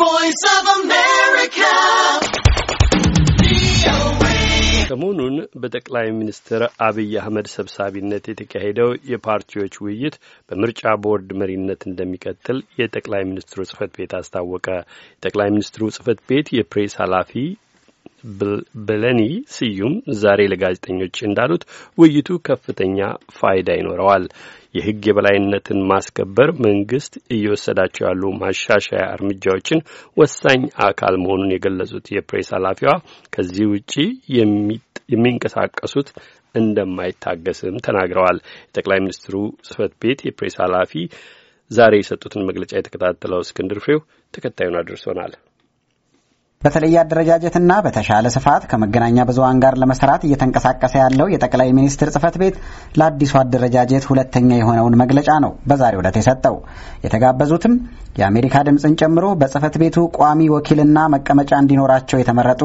voice of America. ሰሞኑን በጠቅላይ ሚኒስትር አብይ አህመድ ሰብሳቢነት የተካሄደው የፓርቲዎች ውይይት በምርጫ ቦርድ መሪነት እንደሚቀጥል የጠቅላይ ሚኒስትሩ ጽህፈት ቤት አስታወቀ። የጠቅላይ ሚኒስትሩ ጽህፈት ቤት የፕሬስ ኃላፊ ብለኒ ስዩም ዛሬ ለጋዜጠኞች እንዳሉት ውይይቱ ከፍተኛ ፋይዳ ይኖረዋል። የሕግ የበላይነትን ማስከበር መንግስት እየወሰዳቸው ያሉ ማሻሻያ እርምጃዎችን ወሳኝ አካል መሆኑን የገለጹት የፕሬስ ኃላፊዋ ከዚህ ውጪ የሚንቀሳቀሱት እንደማይታገስም ተናግረዋል። የጠቅላይ ሚኒስትሩ ጽህፈት ቤት የፕሬስ ኃላፊ ዛሬ የሰጡትን መግለጫ የተከታተለው እስክንድር ፍሬው ተከታዩን አድርሶናል። በተለየ አደረጃጀትና በተሻለ ስፋት ከመገናኛ ብዙሃን ጋር ለመስራት እየተንቀሳቀሰ ያለው የጠቅላይ ሚኒስትር ጽህፈት ቤት ለአዲሱ አደረጃጀት ሁለተኛ የሆነውን መግለጫ ነው በዛሬው ዕለት የሰጠው። የተጋበዙትም የአሜሪካ ድምፅን ጨምሮ በጽህፈት ቤቱ ቋሚ ወኪልና መቀመጫ እንዲኖራቸው የተመረጡ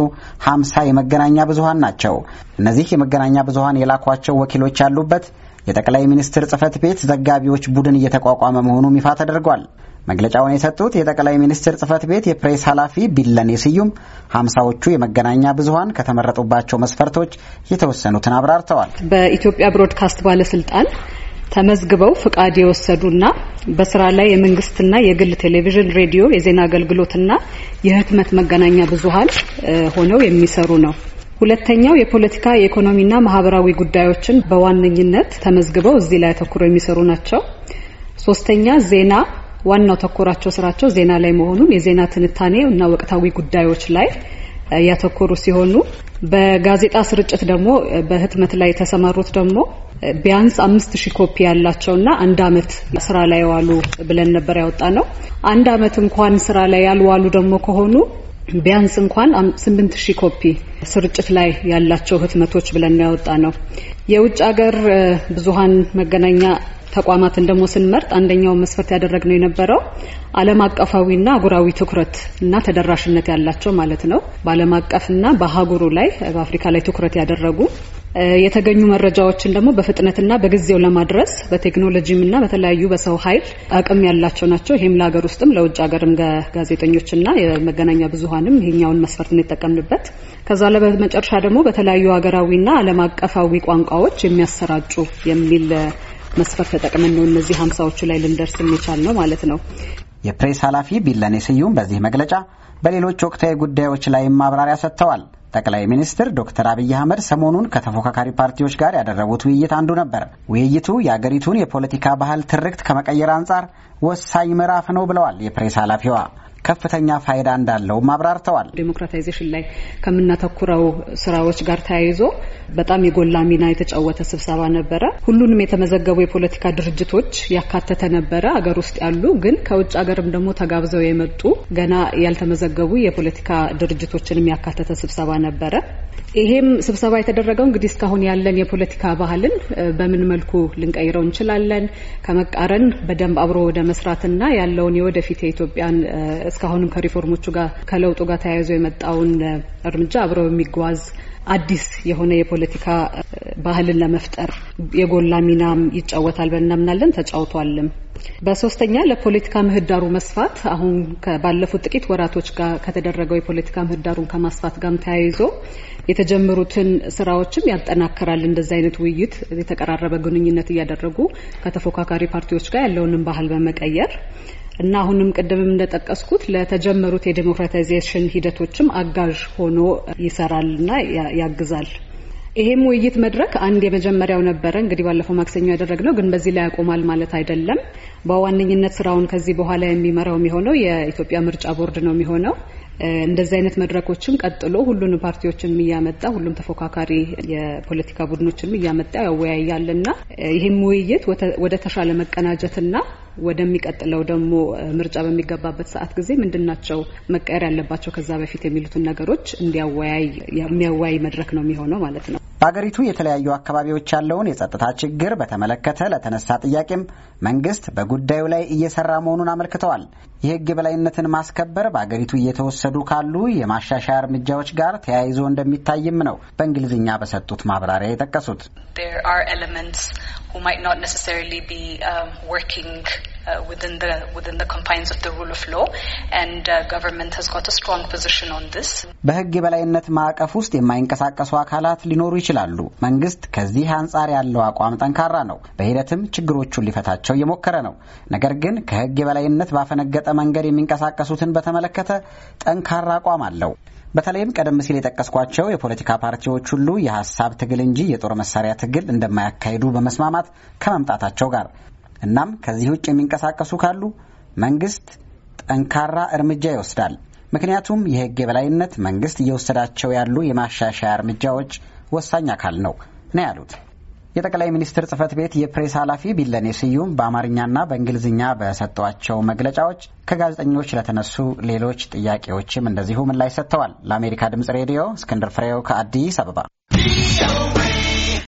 ሀምሳ የመገናኛ ብዙሃን ናቸው። እነዚህ የመገናኛ ብዙኃን የላኳቸው ወኪሎች ያሉበት የጠቅላይ ሚኒስትር ጽህፈት ቤት ዘጋቢዎች ቡድን እየተቋቋመ መሆኑም ይፋ ተደርጓል። መግለጫውን የሰጡት የጠቅላይ ሚኒስትር ጽህፈት ቤት የፕሬስ ኃላፊ ቢለኔ ስዩም ሀምሳዎቹ የመገናኛ ብዙሀን ከተመረጡባቸው መስፈርቶች የተወሰኑትን አብራርተዋል። በኢትዮጵያ ብሮድካስት ባለስልጣን ተመዝግበው ፍቃድ የወሰዱና በስራ ላይ የመንግስትና የግል ቴሌቪዥን፣ ሬዲዮ፣ የዜና አገልግሎትና የህትመት መገናኛ ብዙሀን ሆነው የሚሰሩ ነው። ሁለተኛው የፖለቲካ የኢኮኖሚና ማህበራዊ ጉዳዮችን በዋነኝነት ተመዝግበው እዚህ ላይ አተኩረው የሚሰሩ ናቸው። ሶስተኛ ዜና ዋናው ተኮራቸው ስራቸው ዜና ላይ መሆኑን የዜና ትንታኔ እና ወቅታዊ ጉዳዮች ላይ ያተኮሩ ሲሆኑ በጋዜጣ ስርጭት ደግሞ በህትመት ላይ የተሰማሩት ደግሞ ቢያንስ አምስት ሺህ ኮፒ ያላቸውና አንድ አመት ስራ ላይ የዋሉ ብለን ነበር ያወጣ ነው። አንድ አመት እንኳን ስራ ላይ ያልዋሉ ደግሞ ከሆኑ ቢያንስ እንኳን ስምንት ሺህ ኮፒ ስርጭት ላይ ያላቸው ህትመቶች ብለን ያወጣ ነው። የውጭ ሀገር ብዙሀን መገናኛ ተቋማትን ደግሞ ስንመርጥ አንደኛው መስፈርት ያደረግነው የነበረው ዓለም አቀፋዊና አጉራዊ ትኩረት እና ተደራሽነት ያላቸው ማለት ነው። በዓለም አቀፍና በአህጉሩ ላይ በአፍሪካ ላይ ትኩረት ያደረጉ የተገኙ መረጃዎችን ደግሞ በፍጥነትና በጊዜው ለማድረስ በቴክኖሎጂም በተለያዩ በሰው ኃይል አቅም ያላቸው ናቸው። ይህም ለሀገር ውስጥም ለውጭ ሀገርም ጋዜጠኞችና የመገናኛ ብዙሀንም ይሄኛውን መስፈርትን የጠቀምንበት ከዛ ለመጨረሻ ደግሞ በተለያዩ ሀገራዊና ዓለም አቀፋዊ ቋንቋዎች የሚያሰራጩ የሚል መስፈርት ተጠቅመን ነው እነዚህ ሀምሳዎቹ ላይ ልንደርስ የሚቻል ነው ማለት ነው። የፕሬስ ኃላፊ ቢለኔ ስዩም በዚህ መግለጫ በሌሎች ወቅታዊ ጉዳዮች ላይ ማብራሪያ ሰጥተዋል። ጠቅላይ ሚኒስትር ዶክተር አብይ አህመድ ሰሞኑን ከተፎካካሪ ፓርቲዎች ጋር ያደረጉት ውይይት አንዱ ነበር። ውይይቱ የአገሪቱን የፖለቲካ ባህል ትርክት ከመቀየር አንጻር ወሳኝ ምዕራፍ ነው ብለዋል የፕሬስ ኃላፊዋ። ከፍተኛ ፋይዳ እንዳለውም አብራርተዋል። ዴሞክራታይዜሽን ላይ ከምናተኩረው ስራዎች ጋር ተያይዞ በጣም የጎላ ሚና የተጫወተ ስብሰባ ነበረ። ሁሉንም የተመዘገቡ የፖለቲካ ድርጅቶች ያካተተ ነበረ። አገር ውስጥ ያሉ ግን ከውጭ ሀገርም ደግሞ ተጋብዘው የመጡ ገና ያልተመዘገቡ የፖለቲካ ድርጅቶችንም ያካተተ ስብሰባ ነበረ። ይሄም ስብሰባ የተደረገው እንግዲህ እስካሁን ያለን የፖለቲካ ባህልን በምን መልኩ ልንቀይረው እንችላለን ከመቃረን በደንብ አብሮ ወደ መስራትና ያለውን የወደፊት የኢትዮጵያን እስካሁንም ከሪፎርሞቹ ጋር ከለውጡ ጋር ተያይዞ የመጣውን እርምጃ አብረው የሚጓዝ አዲስ የሆነ የፖለቲካ ባህልን ለመፍጠር የጎላ ሚናም ይጫወታል ብለን እናምናለን። ተጫውቷልም። በሶስተኛ ለፖለቲካ ምህዳሩ መስፋት አሁን ባለፉት ጥቂት ወራቶች ጋር ከተደረገው የፖለቲካ ምህዳሩን ከማስፋት ጋር ተያይዞ የተጀመሩትን ስራዎችም ያጠናክራል። እንደዚህ አይነት ውይይት፣ የተቀራረበ ግንኙነት እያደረጉ ከተፎካካሪ ፓርቲዎች ጋር ያለውንም ባህል በመቀየር እና አሁንም ቅድምም እንደጠቀስኩት ለተጀመሩት የዴሞክራታይዜሽን ሂደቶችም አጋዥ ሆኖ ይሰራልና ያግዛል። ይሄም ውይይት መድረክ አንድ የመጀመሪያው ነበረ። እንግዲህ ባለፈው ማክሰኞ ያደረግነው ግን በዚህ ላይ ያቆማል ማለት አይደለም። በዋነኝነት ስራውን ከዚህ በኋላ የሚመራው የሚሆነው የኢትዮጵያ ምርጫ ቦርድ ነው የሚሆነው። እንደዚህ አይነት መድረኮችን ቀጥሎ ሁሉንም ፓርቲዎችንም እያመጣ ሁሉም ተፎካካሪ የፖለቲካ ቡድኖችንም እያመጣ ያወያያልና ይህም ውይይት ወደ ተሻለ መቀናጀትና ወደሚቀጥለው ደግሞ ምርጫ በሚገባበት ሰዓት ጊዜ ምንድናቸው መቀየር ያለባቸው ከዛ በፊት የሚሉትን ነገሮች እንዲያወያይ የሚያወያይ መድረክ ነው የሚሆነው ማለት ነው። በአገሪቱ የተለያዩ አካባቢዎች ያለውን የጸጥታ ችግር በተመለከተ ለተነሳ ጥያቄም መንግስት በጉዳዩ ላይ እየሰራ መሆኑን አመልክተዋል። የህግ የበላይነትን ማስከበር በአገሪቱ እየተወሰዱ ካሉ የማሻሻያ እርምጃዎች ጋር ተያይዞ እንደሚታይም ነው በእንግሊዝኛ በሰጡት ማብራሪያ የጠቀሱት። uh, within the within the confines of the rule of law and uh, government has got a strong position on this በህግ የበላይነት ማዕቀፍ ውስጥ የማይንቀሳቀሱ አካላት ሊኖሩ ይችላሉ። መንግስት ከዚህ አንጻር ያለው አቋም ጠንካራ ነው። በሂደትም ችግሮቹን ሊፈታቸው እየሞከረ ነው። ነገር ግን ከህግ የበላይነት ባፈነገጠ መንገድ የሚንቀሳቀሱትን በተመለከተ ጠንካራ አቋም አለው። በተለይም ቀደም ሲል የጠቀስኳቸው የፖለቲካ ፓርቲዎች ሁሉ የሀሳብ ትግል እንጂ የጦር መሳሪያ ትግል እንደማያካሂዱ በመስማማት ከመምጣታቸው ጋር እናም ከዚህ ውጭ የሚንቀሳቀሱ ካሉ መንግስት ጠንካራ እርምጃ ይወስዳል። ምክንያቱም የህግ የበላይነት መንግስት እየወሰዳቸው ያሉ የማሻሻያ እርምጃዎች ወሳኝ አካል ነው ነው ያሉት የጠቅላይ ሚኒስትር ጽህፈት ቤት የፕሬስ ኃላፊ ቢለኔ ስዩም በአማርኛና በእንግሊዝኛ በሰጧቸው መግለጫዎች ከጋዜጠኞች ለተነሱ ሌሎች ጥያቄዎችም እንደዚሁ ምላሽ ሰጥተዋል። ለአሜሪካ ድምጽ ሬዲዮ እስክንድር ፍሬው ከአዲስ አበባ